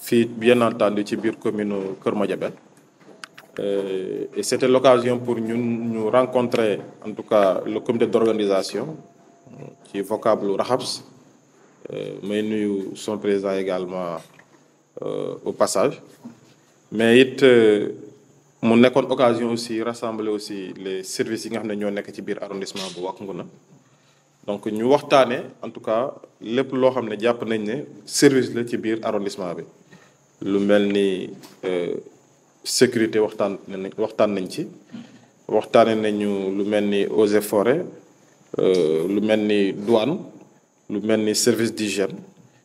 fii bien entendu ci biir commune Kër Madiabel euh, et c'était l'occasion pour nous ñu rencontrer en tout cas le comité d'organisation euh, est vocable RAHABS euh, mais nous sommes présents également au passage mais it mu nekkoon occasion aussi rassembler aussi les services yi nga xam ne ñoo nekk ci biir arrondissement donc ñu avons en tout cas lépp loo xam ne jàpp nañ ne service la ci biir arrondissement lu mel ni euh, sécurité waxtaan nañ waxtaan nañ ci waxtaane nañu lu mel ni eaux et forêt euh, lu mel ni douane lu mel ni service d'hygiène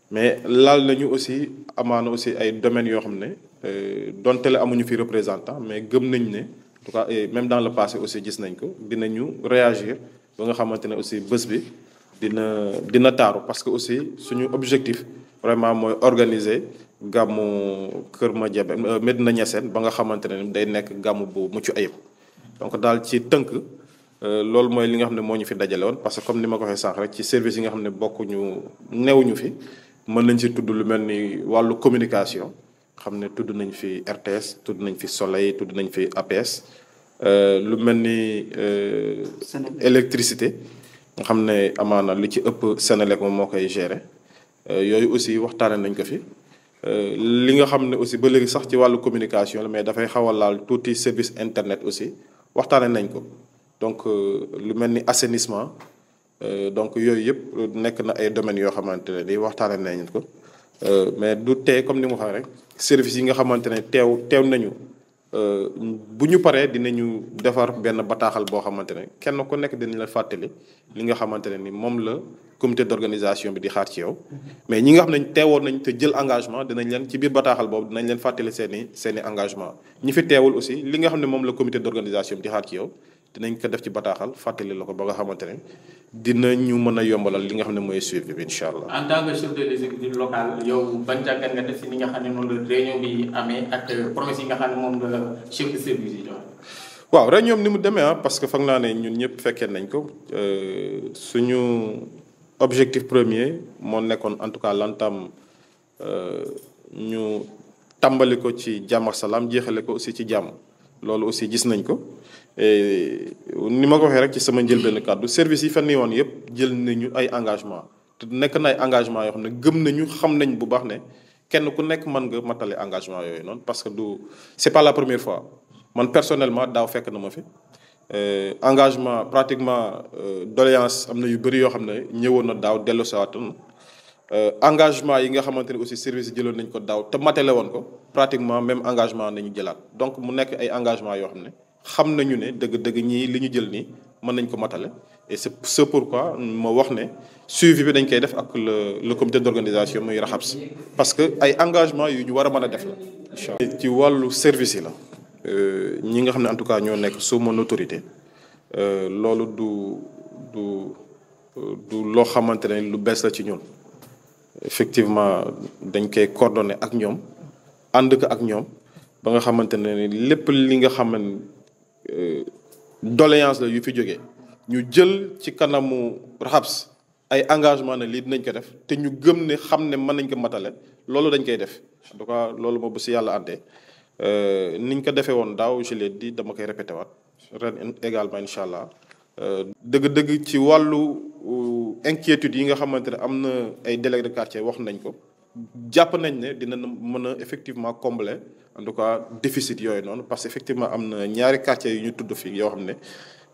mais laal nañu aussi amaana aussi ay domaines yoo xam ne euh, donte la amuñu fi représentant mais gëm nañ ne en tout cas même dans le passé aussi gis nañ ko dinañu réagir ba nga xamante ne aussi bés bi dina dina taaru parce que aussi suñu objectif vraiment mooy organiser gàmmu Kër ma Madiabel euh, Medina Niassène ba nga xamante ne day nekk gàmmu bu mucc ayib donc daal ci tënk euh, loolu mooy li nga xam ne moo ñu fi dajale woon parce que comme ni ma ko waxee sànq rek ci service yi nga xam ne bokkuñu newuñu fi mën nañ si tudd lu mel ni wàllu communication xam ne tudd nañ fi RTS tudd nañ fi Soleil tudd nañ fi APS euh, lu mel ni électricité nga xam ne amaana lu ci ëpp Sénélec moom moo koy gérer yooyu aussi waxtaane nañ ko fi Euh, li nga xam ne aussi ba léegi sax ci wàllu communication la mais dafay xaw a laal tuuti service internet aussi waxtaane nañ ko donc euh, lu mel ni assainissement euh, donc yooyu yëpp nekk na ay domaines yoo xamante ne nii waxtaane nañ ko mais du tee comme ni mu waxee rek service yi nga xamante ne teew teew nañu euh, bu ñu paree dinañu defar benn bataaxal boo xamante ne kenn ku nekk dinañ la fàttali li nga xamante ne ni moom la comité d'organisation bi di xaar ci yow. mais ñi nga xam ne teewoon nañ te jël engagement dinañ leen ci biir bataaxal boobu dinañ leen fàttali seen i seen i engagement ñi fi teewul aussi li nga xam ne moom la comité d'organisation bi di xaar ci yow. dinañ ko def ci bataaxal fàttali la ko ba nga xamante ne dinañu mën a yombalal li nga xam ne mooy suivi bi incha allah. en tant que chef de l'exécutif local yow ban jàngat nga def si ni nga xam ne noonu la réunion bi amee ak promesse yi nga xam ne moom la chef de service yi joxe. waaw réunion ni mu demee ah, parce que fag naa ne ñun ñëpp fekkee nañ ko euh, suñu objectif premier moo nekkoon en tout cas lantam euh, ñu tàmbali ko ci jàmm salaam jeexale ko aussi ci jàmm loolu aussi gis nañ ko. ni ma ko waxee rek ci sama njëlbéen kàddu service yi fenn won yeb jël nañu ay engagement te nek na ay engagement yo xam gëm nañu xam nañ bu baax ne kenn ku nek man nga matalé engagement yoy non parce que du c'est pas la première fois man personnellement daw fekk na ma fi euh, engagement pratiquement euh, doléance amna yu bëri yo xam ne ñëwoon na daaw dellu sawaatan euh, engagement yi nga xamanteni aussi service yi nañ ko daw te matalé won ko pratiquement même engagement nañu jëlat donc mu nek ay engagement yo xam xam nañu ne dëgg-dëgg ñii li ñu jël nii mën nañ ko matale et c'est ce pourquoi ma wax ne suivi bi dañ koy def ak le le comité d'organisation muy si parce que ay engagement yu ñu war a mën a def la ci wàllu service yi la euh, ñi nga xam ne en tout cas ñoo nekk suma notorité autorité euh, loolu du du du loo xamante ne lu bees la ci ñoom effectivement dañ koy coordonné ak ñoom ànd ko ak ñoom ba nga xamante lépp li nga xam Euh, doléance la yu fi jógee ñu jël ci kanamu raxabs ay engagement ne lii dinañ ko def te ñu gëm ne xam ne mën nañ ko matale loolu dañ koy def en tout cas loolu moom bu si yàlla àndee euh, niñ ko defee woon daaw je di dama koy répété waat ren également incha allah. Euh, dëgg-dëgg ci wàllu inquiétude yi nga xamante ne am na ay délégués de quartier wax nañ ko jàpp nañ ne dina mën effectivement combler. en tout cas déficit yooyu noonu parce que effectivement am na ñaari quartier yu ñu tudd fii yoo xam ne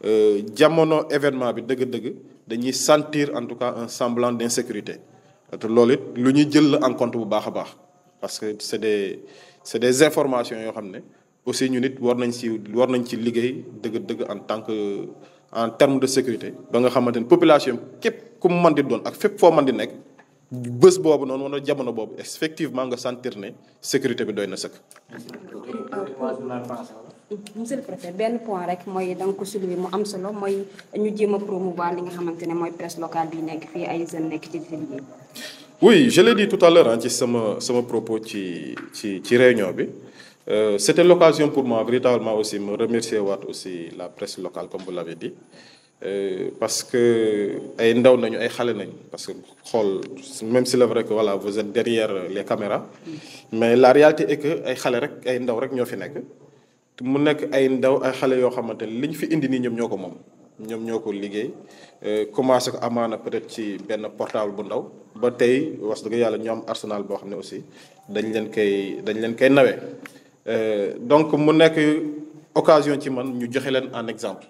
euh, jamono événement bi dëgg-dëgg dañuy sentir en tout cas un semblant d'insécurité te loolu it lu jël en compte bu baax a baax parce que c'est des c'est des informations yoo xam ne aussi ñu nit war nañ ci war nañ ci liggéey dëgg-dëgg en tant que en terme de sécurité ba nga xamante ne population képp ku mu mën di doon ak fépp foo mën di nekk bés boobu noonu wala jamono boobu effectivement nga sentir ne sécurité bi doy na sëkk. monsieur le préfet benn point rek mooy da nga ko soulever mu am solo mooy ñu jéem a promouvoir li nga xamante ne mooy presse locale bi nekk fii ay jeunes nekk ci di oui je l'ai dit tout à l'heure hein, ci sama sama propos ci ci ci réunion bi. Euh, c'était l'occasion pour moi véritablement aussi me remercier waat aussi la presse locale comme vous l'avez dit Euh, parce que ay ndaw nañu ay xale nañu parce que xool même si c'est vrai que voilà vous êtes derrière les caméras mais la réalité est ay xale rek ay ndaw rek ñoo fi nekk mu nekk ay ndaw ay xale yoo xamante ne li ñu fi indi nii ñoom ñoo ko moom ñoom ñoo ko liggéey euh, commencé ko amaana peut-être ci benn portable bu ndaw ba tey wax dëgg yàlla ñu am arsenal boo xam ne aussi dañ leen koy dañ leen koy nawee euh, donc mu nekk occasion ci man ñu joxe leen en exemple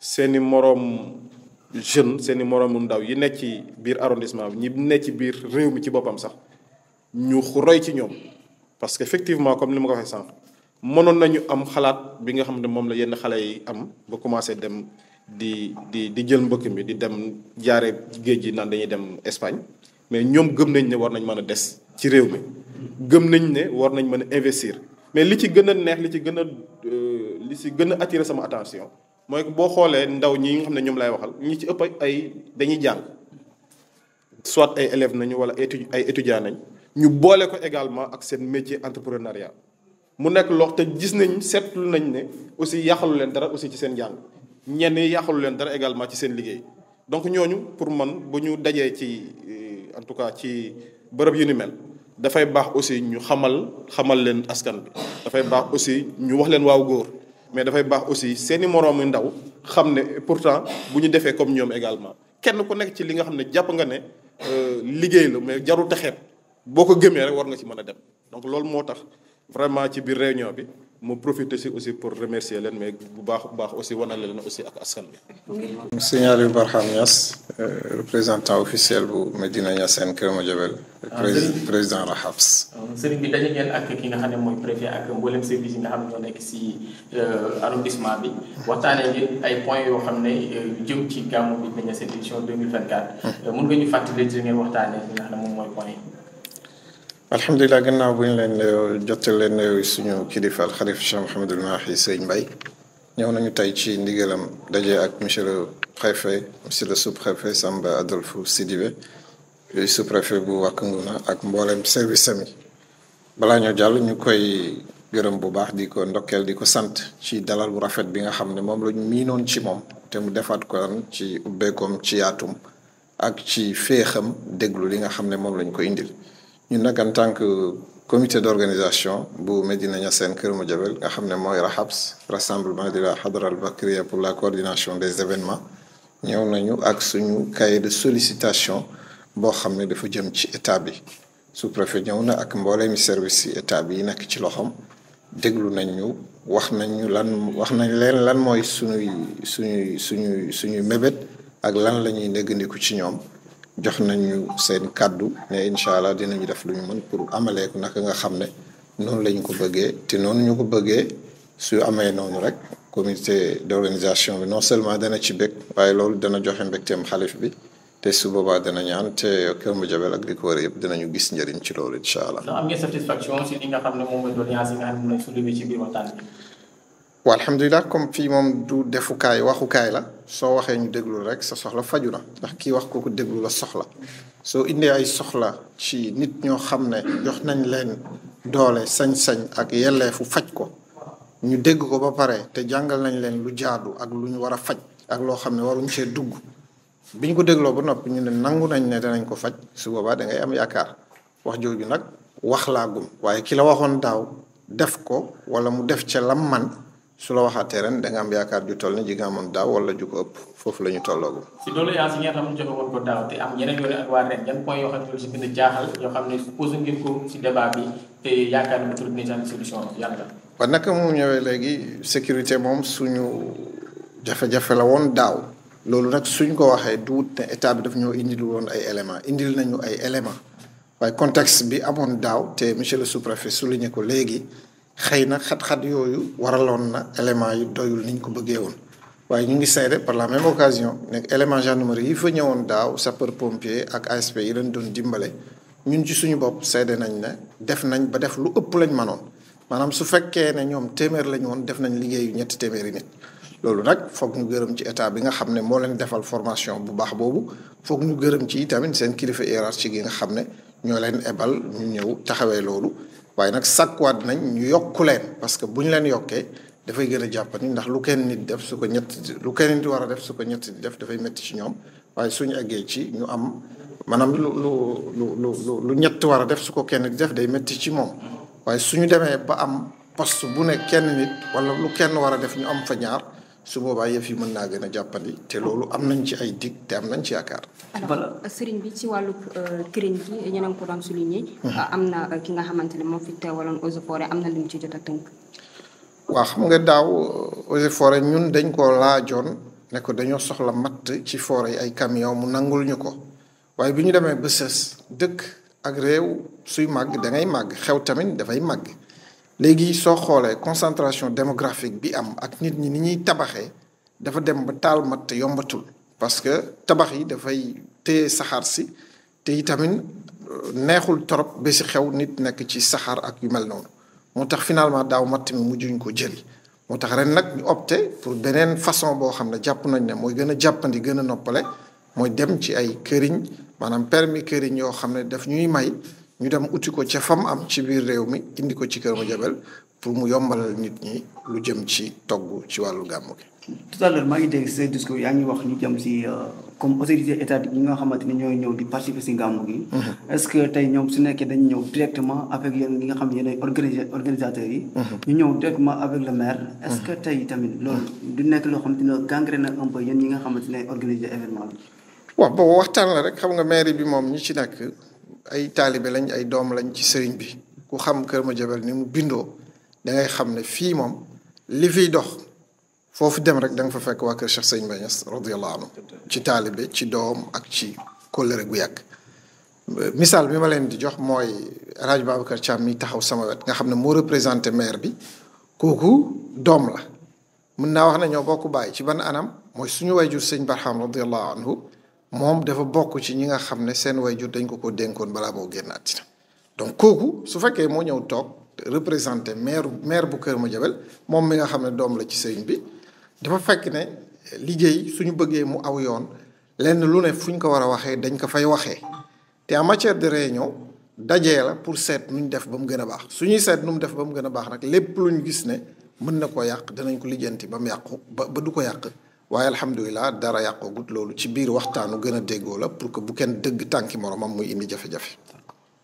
seeni morom jeune seeni morom ndaw yi nekk ci biir arrondissement bi ñi nekk ci biir réew mi ci boppam sax ñu roy ci ñoom parce que effectivement comme ni ma ko waxee sànq mënoon nañu am xalaat bi nga xam ne moom la yenn xale yi am ba commencé dem di di di jël mbëkk mi di dem jaare géej gi naan dañuy dem Espagne mais ñoom gëm nañ ne war nañ mën a des ci réew mi gëm nañ ne war nañ mën a investir mais li ci gën a neex li ci gën a euh, li ci gën a attirer sama attention mooy boo xoolee ndaw ñi nga xam ne ñoom lay waxal ñi ci ëpp ay dañuy jàng soit ay élèves nañu wala étu ay étudiants nañ ñu boole ko également ak seen métier entrepreneuriat mu nekk lox te gis nañ seetlu nañ ne aussi yàqalu leen dara aussi ci seen jàng ñenn yi yàqalu leen dara également ci seen liggéey donc ñooñu pour man bu ñu dajee ci euh, en tout cas ci bërëb yu ni mel dafay baax aussi ñu xamal xamal leen askan bi dafay baax aussi ñu wax leen waaw góor mais dafay bax aussi seeni moroomi ndaw xam pourtant buñu défé comme ñom également kenn ku nekk ci li nga xam japp nga né euh liggéey la mais jaru taxet boko gëmé rek war nga ci mëna a dem donc lool motax vraiment ci bir réunion bi ma profiter si aussi pour remercier leen mais bu baax bu baax aussi wanale leen aussi ak askan bi. sëñ Aliou Barham Niass euh, représentant officiel bu Medina Niassène Kër Madiabel. Ah, président Rahabs. sëriñ bi ah, dañu ngeen ak ki nga xam ne mooy préfet ak mboolem service yi nga xam ne ñoo nekk si euh, arrondissement bi waxtaanee ngeen ay points yoo xam ne euh, jëm ci gàmmu bi Medina Niassène édition 2024. Hmm. mun nga ñu fàttali ci ngeen waxtaanee li nga xam ne alhamdulilah gannaaw bu ñu leen nuyoo euh, jotal leen nuyoo euh, suñu kilifa alxalif Cheikh Mouhamadul Mahi Sëñ Mbaye ñëw nañu tey ci ndigalam daje ak monsieur le préfet monsieur le sous-préfet Samba Adolphe Sidibé sous-préfet bu Wack Ngouna ak mboolem service am yi balaa ñoo jàll ñu koy gërëm bu baax di ko ndokkeel di ko sant ci dalal bu rafet bi nga xam ne moom la ñu miinoon ci moom te mu defaat ko ci ubekoom ci yaatum ak ci feexam déglu li nga xam ne moom la ko indil. Nous, en tant que comité d'organisation bu Medina Niassène Kër nga rassemblement de la Hadra al pour la coordination des événements ñëw nañu ak suñu de sollicitation boo xam dafa jëm ci état bi sous-préfet ñëw na ak un service état bi ci déglu wax lan wax nañ lan ak lan la jox nañu seen kàddu ne incha allah dinañu def lu ñu mën pour amalee ko naka nga xam ne noonu lañ ko bëggee te noonu ñu ko bëggee su amee noonu rek comité d'organisation bi non seulement dana ci bëgg waaye loolu dana joxe mbégteem xalif bi te su boobaa dana ñaan te Kër Madiabel ak li ko wër yëpp dinañu gis njëriñ ci loolu incha allah. am ngeen satisfaction nga xam ne moom mooy doléance yi nga xam comme fii moom du defukaay waxukaay la. soo waxee ñu déglu rek sa soxla faju na ndax kii wax kooku déglu la soxla soo indee ay soxla ci nit ñoo xam ne jox nañ leen doole sañ-sañ ak yelleefu faj ko ñu dégg ko ba pare te jàngal nañ leen lu jaadu ak lu ñu war a faj ak loo xam ne waruñ cee dugg bi ñu ko dégloo ba noppi ñu ne nangu nañ ne danañ ko faj su boobaa dangay am yaakaar wax jooju nag wax laa gum waaye ki la waxoon daaw def ko walla mu def ca lam man su la waxaatee ren da nga am yaakaar ju toll ni ji nga amoon daaw wala ju ko ëpp foofu la ñu tolloogu si loolu yaa si ngeen a jaaxal yoo xam ne ko si débat bi te yaakaar ne léegi sécurité moom suñu jafe la woon daaw loolu nag suñ ko waxee duut wut ne état bi daf ñoo indilu woon ay éléments indil nañu ay éléments waaye contexte bi amoon daaw te monsieur le sous-préfet souligné ko léegi xëy na xat-xat yooyu waraloon na élément yi doyul niñ ko bëggee woon waaye ñu ngi seede par la même occasion nekk élément gendarmerie yi fa ñëwoon daaw sapeur pompier ak ASP yi leen doon dimbale ñun ci suñu bopp seede nañ ne def nañ ba def lu ëpp lañ mënoon maanaam su fekkee ne ñoom téeméer lañ woon def nañ liggéeyu ñetti téeméeri nit loolu nag foog ñu gërëm ci état bi nga xam ne moo leen defal formation bu baax boobu foog ñu gërëm ci tamit seen kilifa hiérarchie gi nga xam ne ñoo leen ebal ñu ñëw taxawee loolu waaye nag sàkkuwaat nañ ñu yokku leen parce que bu ñu leen yokkee dafay gën a jàppani ndax lu kenn nit def su ko ñett lu kenn nit war a def su ko ñett di def dafay métti ci ñoom waaye suñu eggee ci ñu am maanaam lu lu lu lu lu ñett war a def su ko kenn di day métti ci moom waaye suñu demee ba am post bu ne kenn nit wala lu kenn war a def ñu am fa ñaar su boobaa yëf yi mën naa gën a jàppandi te loolu am nañ ci ay dig te am nañ ci yaakaar. alors sëriñ bi ci wàllu këriñ gi ñu ko doon ah, am na euh, ki nga xamante ne moom fi teewaloon am na lu mu ci jot a tënk. waaw xam nga daaw euh, eaux et forêt ñun dañ koo laajoon ne ko dañoo soxla matt ci forêt yi ay camion mu nangul ñu ko waaye bi ñu demee ba sës dëkk ak réew suy màgg dangay ngay màgg xew tamit dafay màgg. léegi soo xoolee concentration démographique bi am ak nit ñi ni ñuy tabaxee dafa dem ba taal matt yombatul parce que tabax yi dafay téye saxaar si te itamit euh, neexul torop ba xew nit nekk ci saxaar ak yu mel noonu moo tax finalement daaw matt mi juñ ko jëli moo tax ren nag ñu opté pour beneen façon boo xam ne jàpp nañ ne mooy gën a jàppandi gën a noppale mooy dem ci ay këriñ maanaam permis këriñ yoo xam ne daf ñuy may ñu dem uti ko ca fam am ci biir réew mi indi ko ci Kër Madiabel pour mu yombalal nit ñi lu jëm ci togg ci wàllu gàmmu gi. tout à l'heure maa ngi dégg yaa ngi wax ñu jëm si euh, comme autorité étatique mm-hmm. yi ñoom su nekkee dañu ñëw directement avec yéen ñi nga xam yéen ay yi. Mm-hmm. ñu ñëw directement avec le maire. Mm-hmm. est-ce que tey tamit loolu du nekk loo xamante ne gangrène un peu yéen ñi nga xamante ne organiser événement bi. waaw boobu waxtaan la rek xam nga ay taalibe lañ ay doom lañ ci sëriñ bi ku xam Kër Madiabel ni mu bindoo da ngay xam ne fii moom li fiy dox foofu dem rek danga fa fekk waa kër Cheikh Sëriñ Baye Niass radiyallahu anhu ci taalibe ci doom ak ci kóllëre gu yàgg. misaal bi ma leen di jox mooy El Hadj Babacar Thiam mi taxaw sama wet nga xam ne moo représenté maire bi kooku doom la mën naa wax ne ñoo bokk bàyyi ci ban anam mooy suñu jur sëñ Barham radiyallahu anhu moom dafa bokk ci ñi nga xam ne seen way wayjur dañ ko ko dénkoon balaa boo génn àddina donc kooku su fekkee moo ñëw toog représenté maire maire bu Kër Madiabel moom mi nga xam ne doom la ci sëriñ bi dafa fekk ne liggéey suñu bëggee mu aw yoon lenn lu ne fu ñu ko war a waxee dañ ko fay waxee te en matière de réunion dajee la pour seet nu ñu def ba mu gën a baax su ñuy seet nu mu def ba mu gën a baax nag lépp lu ñu gis ne mën na koo yàq danañ ko lijjanti ba mu yàqu ba ba du ko yàq waaye alhamdulilah dara yàqoogut loolu ci biir waxtaanu gën a déggoo la pour que bu kenn dëgg tànki moromam muy indi jafe-jafe.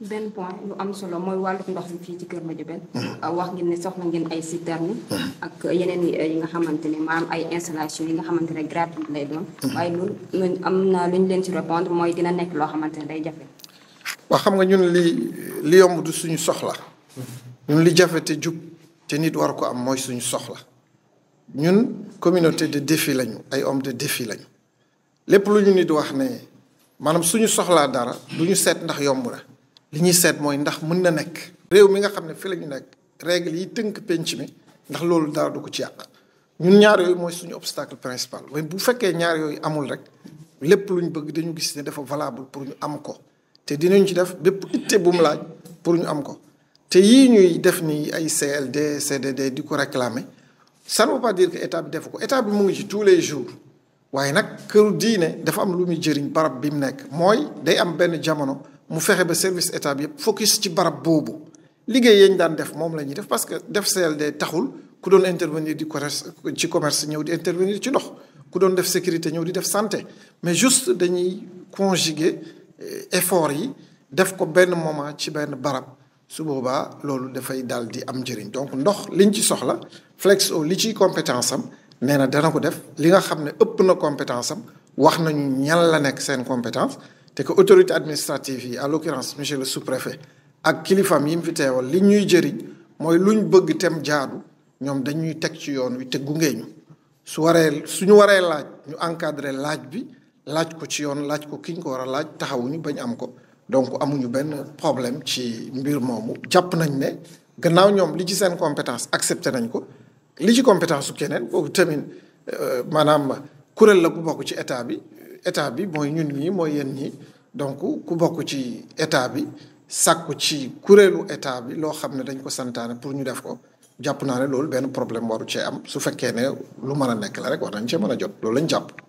benn point lu am solo mooy wàllu ndox mi fii ci Kër Madiabel. Hmm. wax ngeen ne soxla ngeen ay citerne. Hmm. ak yeneen yi nga xamante ne maanaam ay installation yi xamante ne gratuite lay doon. Hmm. waaye loolu am naa lu ñu leen ci répondre mooy dina nekk loo xamante ne day jafe. waa xam nga ñun li li yomb du suñu soxla. ñun li jafe te jub te nit war ko am mooy suñu soxla. ñun communauté de défi lañu ay hommes de défi lañu lépp lu ñu nit wax ne maanaam suñu soxlaa dara du ñu seet ndax yomb na li ñuy seet mooy ndax mën na nekk. réew mi nga xam ne fi la ñu nekk règle yi tënk penc mi ndax loolu dara du ko ci yàq ñun ñaar yooyu mooy suñu obstacle principal mais bu fekkee ñaar yooyu amul rek lépp lu ñu bëgg dañu gis ne dafa valable pour ñu am ko te dinañ ci def bépp itte bu mu laaj pour ñu am ko te yii ñuy def nii ay CLD CDD di ko réclamer. ça ne veut pas dire que état bi def ko état bi ngi ci tous les jours waaye nak këru diine dafa am lu muy jëriñ barab bi mu nekk day am benn jamono mu fexe ba service état bi yëpp focus ci barab boobu liggéey yañ daan def moom la def parce que def CLD taxul ku doon intervenir di commerce ci commerce ñëw di intervenir ci ndox ku doon def sécurité ñëw di def santé mais juste dañuy conjuguer euh, effort yi def ko benn moment ci benn barab su boobaa loolu dafay daal di am njëriñ donc ndox liñ ci soxla flex Flexo li ciy compétence am nee na dana def li nga xam ne ëpp na compétence am wax nañu ñan la nekk seen compétence te que autorité administrative yi à l'occurrence le sous-préfet ak kilifaam yi mu fi teewal li ñuy jëriñ mooy lu ñu bëgg tem jaadu ñoom dañuy teg ci yoon wi te gunge su waree su ñu waree laaj ñu encadré laaj bi laaj ko ci yoon laaj ko ki ñu ko war a laaj taxawuñu bañ am ko donc amuñu benn problème ci mbir moomu jàpp nañ ne gannaaw ñoom li ci seen compétence accepté nañ ko li ci compétence su keneen boobu tamit euh, maanaam kuréel la ku bokk ci état bi état bi mooy ñun ñii mooy yéen ñii donc ku bokk ci état bi sàkku ci kuréelu état bi loo xam ne dañ ko santaane pour ñu def ko jàpp naa ne loolu benn problème waru cee am su fekkee ne lu man a nekk la rek war nañ cee mën a jot loolu lañ jàpp